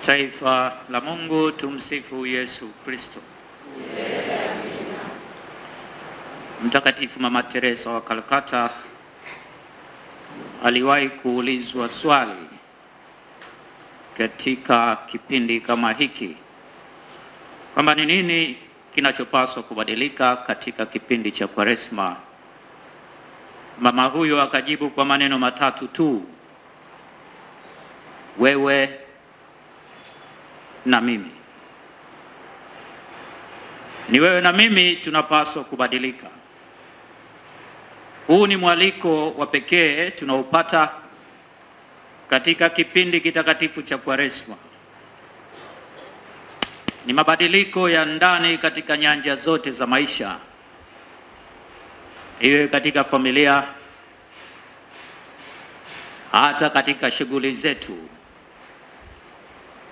Taifa la Mungu, tumsifu Yesu Kristo. Mtakatifu Mama Teresa wa Kalkata aliwahi kuulizwa swali katika kipindi kama hiki kwamba ni nini kinachopaswa kubadilika katika kipindi cha Kwaresma. Mama huyo akajibu kwa maneno matatu tu: wewe na mimi. Ni wewe na mimi tunapaswa kubadilika. Huu ni mwaliko wa pekee tunaopata katika kipindi kitakatifu cha Kwaresma. Ni mabadiliko ya ndani katika nyanja zote za maisha, iwe katika familia, hata katika shughuli zetu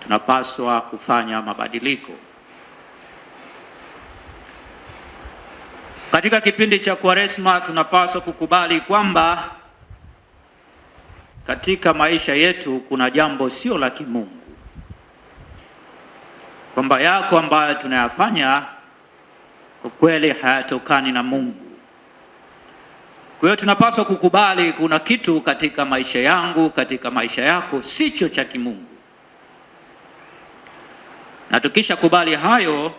tunapaswa kufanya mabadiliko. Katika kipindi cha Kwaresma tunapaswa kukubali kwamba katika maisha yetu kuna jambo sio la kimungu, kwamba yako ambayo tunayafanya kwa kweli hayatokani na Mungu. Kwa hiyo tunapaswa kukubali kuna kitu katika maisha yangu, katika maisha yako sicho cha kimungu. Na tukisha kubali hayo,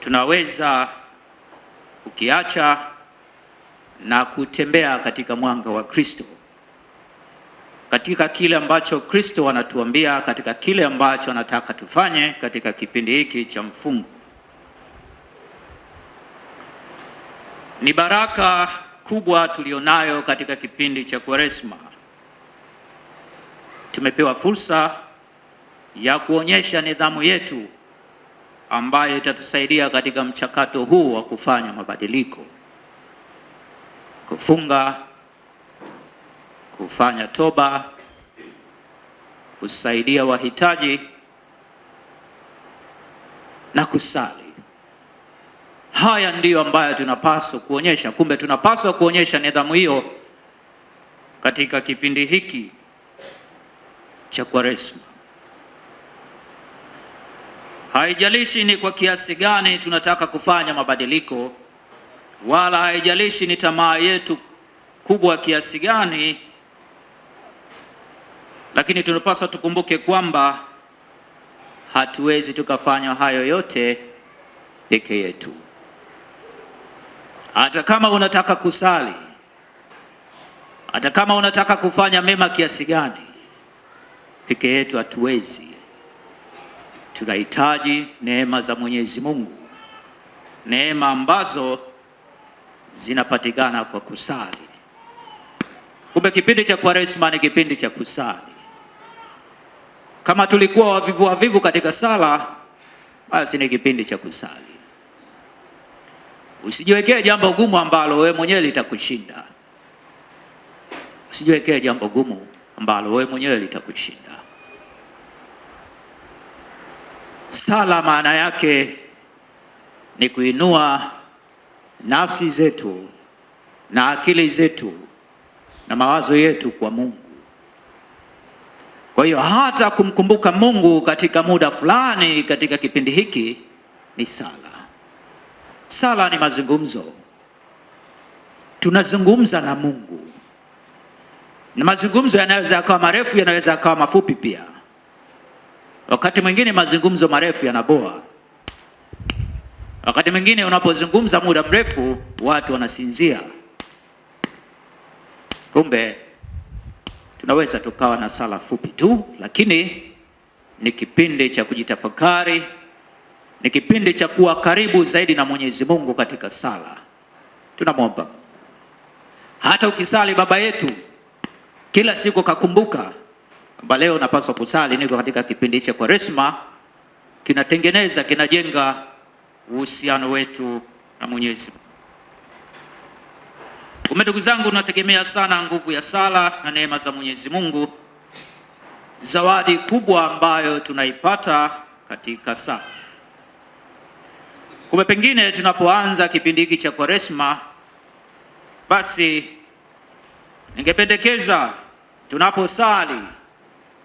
tunaweza ukiacha na kutembea katika mwanga wa Kristo, katika kile ambacho Kristo anatuambia, katika kile ambacho anataka tufanye katika kipindi hiki cha mfungo. Ni baraka kubwa tulionayo katika kipindi cha Kwaresma. Tumepewa fursa ya kuonyesha nidhamu yetu ambayo itatusaidia katika mchakato huu wa kufanya mabadiliko, kufunga, kufanya toba, kusaidia wahitaji na kusali. Haya ndiyo ambayo tunapaswa kuonyesha. Kumbe tunapaswa kuonyesha nidhamu hiyo katika kipindi hiki cha Kwaresma. Haijalishi ni kwa kiasi gani tunataka kufanya mabadiliko, wala haijalishi ni tamaa yetu kubwa kiasi gani, lakini tunapaswa tukumbuke kwamba hatuwezi tukafanya hayo yote peke yetu. Hata kama unataka kusali, hata kama unataka kufanya mema kiasi gani, peke yetu hatuwezi tunahitaji neema za Mwenyezi Mungu, neema ambazo zinapatikana kwa kusali. Kumbe kipindi cha Kwaresma ni kipindi cha kusali. Kama tulikuwa wavivu wavivu katika sala, basi ni kipindi cha kusali. Usijiwekee jambo gumu ambalo wewe mwenyewe litakushinda. Usijiwekee jambo gumu ambalo wewe mwenyewe litakushinda. Sala maana yake ni kuinua nafsi zetu na akili zetu na mawazo yetu kwa Mungu. Kwa hiyo hata kumkumbuka Mungu katika muda fulani katika kipindi hiki ni sala. Sala ni mazungumzo, tunazungumza na Mungu, na mazungumzo yanaweza yakawa marefu, yanaweza yakawa mafupi pia. Wakati mwingine mazungumzo marefu yanaboa. Wakati mwingine unapozungumza muda mrefu watu wanasinzia. Kumbe tunaweza tukawa na sala fupi tu, lakini ni kipindi cha kujitafakari, ni kipindi cha kuwa karibu zaidi na Mwenyezi Mungu katika sala. Tunamwomba hata ukisali Baba yetu kila siku kakumbuka ambayo leo napaswa kusali. Niko katika kipindi cha Kwaresma, kinatengeneza kinajenga uhusiano wetu na Mwenyezi Mungu. Kumbe ndugu zangu, tunategemea sana nguvu ya sala na neema za Mwenyezi Mungu, zawadi kubwa ambayo tunaipata katika sala. Kumbe pengine tunapoanza kipindi hiki cha Kwaresma, basi ningependekeza tunaposali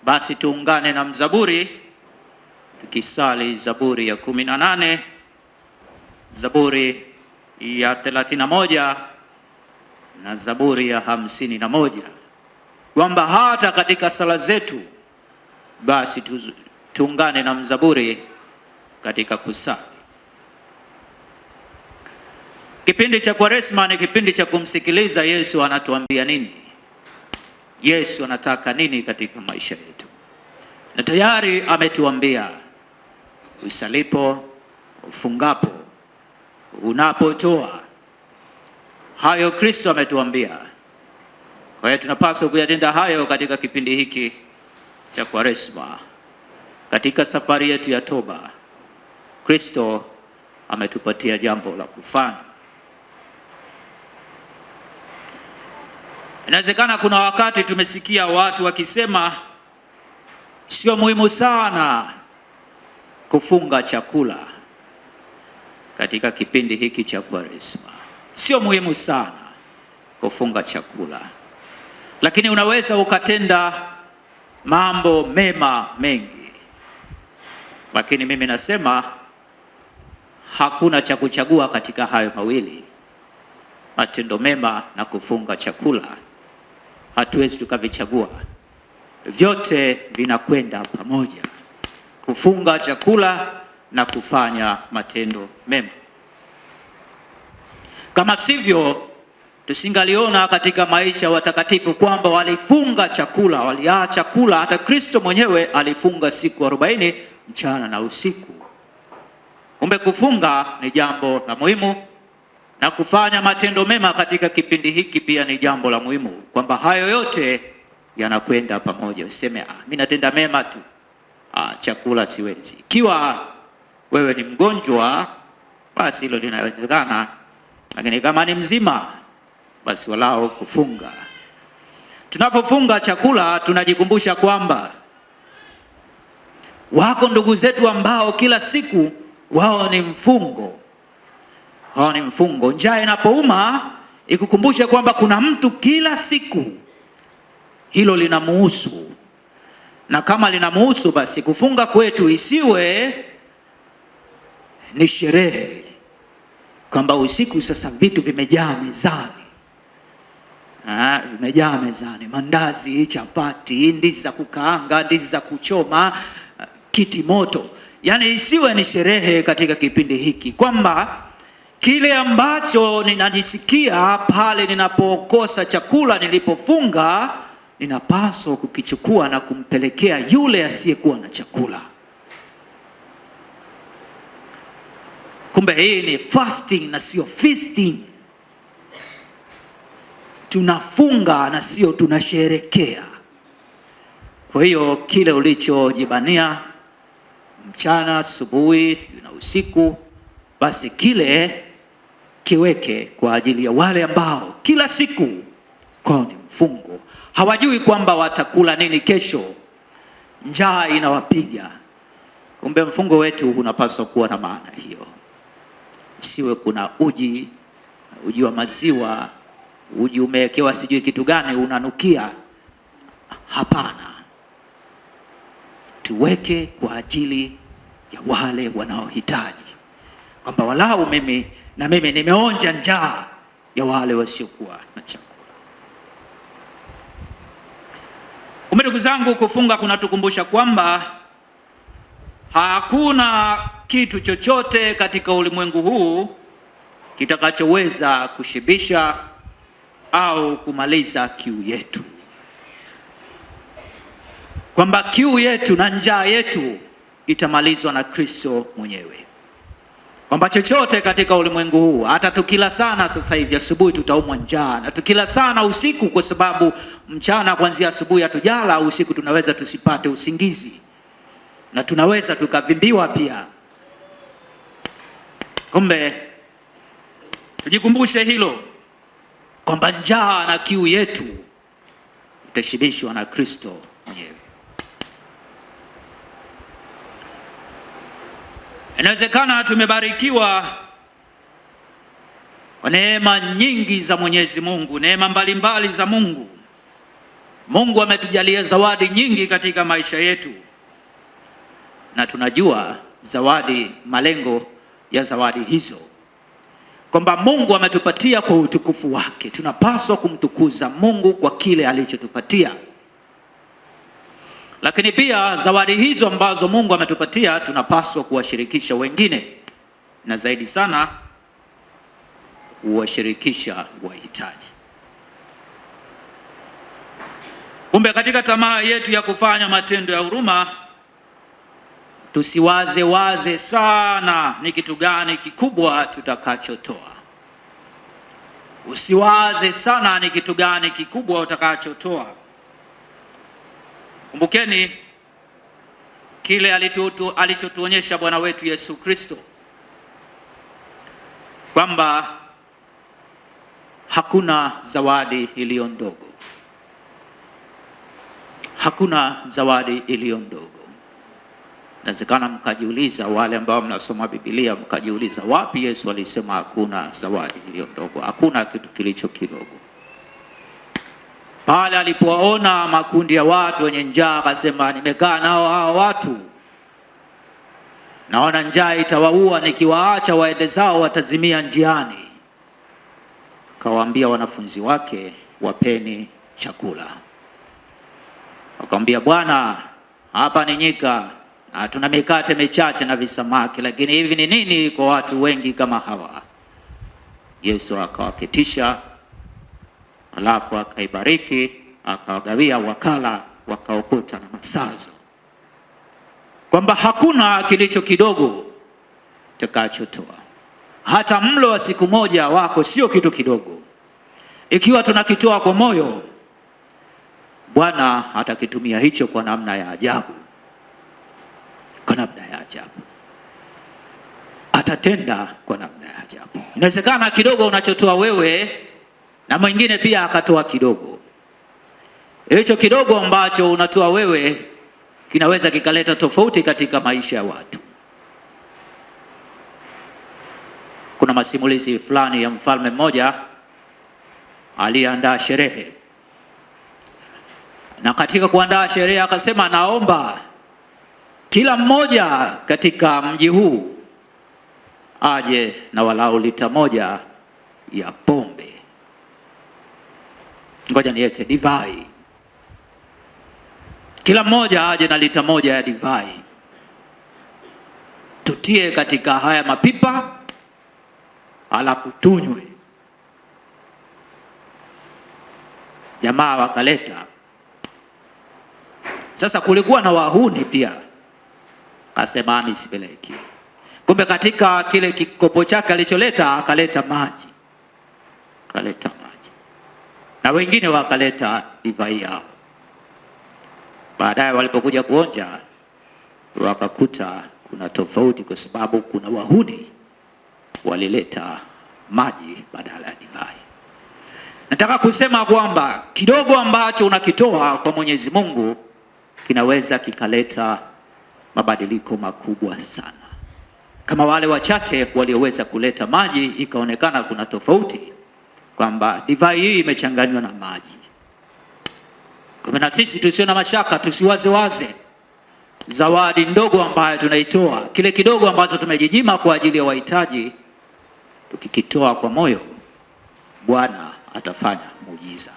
basi tuungane na mzaburi tukisali Zaburi ya kumi na nane Zaburi ya thelathini na moja na Zaburi ya hamsini na moja kwamba hata katika sala zetu basi tu, tuungane na mzaburi katika kusali. Kipindi cha Kwaresma ni kipindi cha kumsikiliza Yesu anatuambia nini. Yesu anataka nini katika maisha yetu, na tayari ametuambia usalipo, ufungapo, unapotoa. Hayo Kristo ametuambia, kwa hiyo tunapaswa kuyatenda hayo katika kipindi hiki cha Kwaresma, katika safari yetu ya toba. Kristo ametupatia jambo la kufanya. Inawezekana kuna wakati tumesikia watu wakisema sio muhimu sana kufunga chakula katika kipindi hiki cha Kwaresma, sio muhimu sana kufunga chakula, lakini unaweza ukatenda mambo mema mengi. Lakini mimi nasema hakuna cha kuchagua katika hayo mawili, matendo mema na kufunga chakula hatuwezi tukavichagua, vyote vinakwenda pamoja, kufunga chakula na kufanya matendo mema. Kama sivyo, tusingaliona katika maisha watakatifu kwamba walifunga chakula, waliacha kula. Hata Kristo mwenyewe alifunga siku arobaini mchana na usiku. Kumbe kufunga ni jambo la muhimu na kufanya matendo mema katika kipindi hiki pia ni jambo la muhimu, kwamba hayo yote yanakwenda pamoja. Useme ah, mimi natenda mema tu, ah, chakula siwezi. Ikiwa wewe ni mgonjwa, basi hilo linawezekana, lakini kama ni mzima, basi walao kufunga. Tunapofunga chakula, tunajikumbusha kwamba wako ndugu zetu ambao kila siku wao ni mfungo hawa ni mfungo. Njaa inapouma ikukumbushe kwamba kuna mtu kila siku hilo linamuhusu, na kama linamuhusu, basi kufunga kwetu isiwe ni sherehe kwamba usiku sasa vitu vimejaa mezani. Ah, vimejaa mezani, mandazi, chapati, ndizi za kukaanga, ndizi za kuchoma, kiti moto. Yaani isiwe ni sherehe katika kipindi hiki kwamba Kile ambacho ninajisikia pale ninapokosa chakula nilipofunga, ninapaswa kukichukua na kumpelekea yule asiyekuwa na chakula. Kumbe hii ni fasting na sio feasting. Tunafunga na sio tunasherekea. Kwa hiyo kile ulichojibania mchana, asubuhi, na usiku, basi kile kiweke kwa ajili ya wale ambao kila siku kwao ni mfungo, hawajui kwamba watakula nini kesho, njaa inawapiga. Kumbe mfungo wetu unapaswa kuwa na maana hiyo, siwe kuna uji uji wa maziwa, uji umewekewa sijui kitu gani unanukia. Hapana, tuweke kwa ajili ya wale wanaohitaji kwamba walau mimi na mimi nimeonja njaa ya wale wasiokuwa na chakula. Kumbe ndugu zangu, kufunga kunatukumbusha kwamba hakuna kitu chochote katika ulimwengu huu kitakachoweza kushibisha au kumaliza kiu yetu, kwamba kiu yetu na njaa yetu itamalizwa na Kristo mwenyewe kwamba chochote katika ulimwengu huu, hata tukila sana sasa hivi asubuhi tutaumwa njaa, na tukila sana usiku, kwa sababu mchana kuanzia asubuhi hatujala au usiku tunaweza tusipate usingizi na tunaweza tukavimbiwa pia. Kumbe tujikumbushe hilo kwamba njaa na kiu yetu itashibishwa na Kristo. Inawezekana tumebarikiwa kwa neema nyingi za Mwenyezi Mungu, neema mbalimbali za Mungu. Mungu ametujalia zawadi nyingi katika maisha yetu, na tunajua zawadi, malengo ya zawadi hizo, kwamba Mungu ametupatia kwa utukufu wake. Tunapaswa kumtukuza Mungu kwa kile alichotupatia. Lakini pia zawadi hizo ambazo Mungu ametupatia tunapaswa kuwashirikisha wengine, na zaidi sana kuwashirikisha wahitaji. Kumbe katika tamaa yetu ya kufanya matendo ya huruma tusiwaze waze sana ni kitu gani kikubwa tutakachotoa. Usiwaze sana ni kitu gani kikubwa utakachotoa. Kumbukeni kile alichotuonyesha Bwana wetu Yesu Kristo kwamba hakuna zawadi iliyo ndogo, hakuna zawadi iliyo ndogo. Inawezekana mkajiuliza, wale ambao mnasoma Biblia mkajiuliza, wapi Yesu alisema hakuna zawadi iliyo ndogo? Hakuna kitu kilicho kidogo. Pale alipoona makundi ya watu wenye njaa, akasema nimekaa nao hawa watu, naona njaa itawaua, nikiwaacha waende zao watazimia njiani. akawaambia wanafunzi wake, wapeni chakula. Wakamwambia, Bwana, hapa ni nyika na tuna mikate michache na visamaki, lakini hivi ni nini kwa watu wengi kama hawa? Yesu akawaketisha alafu akaibariki akawagawia wakala, wakaokota na masazo, kwamba hakuna kilicho kidogo takachotoa. Hata mlo wa siku moja wako sio kitu kidogo, ikiwa tunakitoa kwa moyo, Bwana atakitumia hicho kwa namna ya ajabu, kwa namna ya ajabu atatenda kwa namna ya ajabu. Inawezekana kidogo unachotoa wewe na mwingine pia akatoa kidogo. Hicho kidogo ambacho unatoa wewe kinaweza kikaleta tofauti katika maisha ya watu. Kuna masimulizi fulani ya mfalme mmoja aliyeandaa sherehe, na katika kuandaa sherehe akasema, naomba kila mmoja katika mji huu aje na walau lita moja ya pombe. Ngoja niweke divai, kila mmoja aje na lita moja ya divai, tutie katika haya mapipa, alafu tunywe. Jamaa wakaleta. Sasa kulikuwa na wahuni pia, kasema mimi sipeleki. Kumbe katika kile kikopo chake alicholeta akaleta maji, akaleta na wengine wakaleta divai yao. Baadaye walipokuja kuonja, wakakuta kuna tofauti, kwa sababu kuna wahudi walileta maji badala ya divai. Nataka kusema kwamba kidogo ambacho unakitoa kwa Mwenyezi Mungu kinaweza kikaleta mabadiliko makubwa sana, kama wale wachache walioweza kuleta maji, ikaonekana kuna tofauti kwamba divai hii imechanganywa na maji. Kwa na sisi tusio na mashaka, tusiwaze waze zawadi ndogo ambayo tunaitoa, kile kidogo ambacho tumejinyima kwa ajili ya wahitaji, tukikitoa kwa moyo, Bwana atafanya muujiza.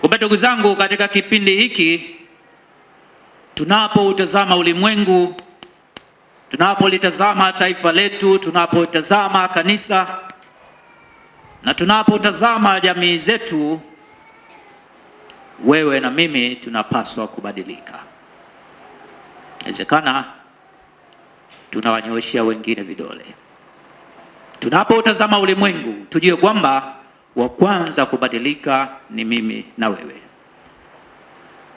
Kumbe ndugu zangu, katika kipindi hiki tunapoutazama ulimwengu Tunapolitazama taifa letu, tunapotazama kanisa na tunapotazama jamii zetu, wewe na mimi tunapaswa kubadilika. Inawezekana tunawanyooshea wengine vidole. Tunapotazama ulimwengu, tujue kwamba wa kwanza kubadilika ni mimi na wewe,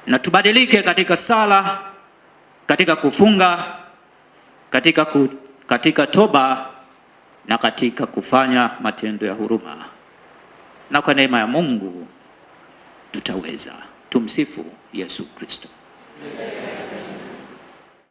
na tubadilike katika sala, katika kufunga katika, ku, katika toba na katika kufanya matendo ya huruma, na kwa neema ya Mungu tutaweza. Tumsifu Yesu Kristo.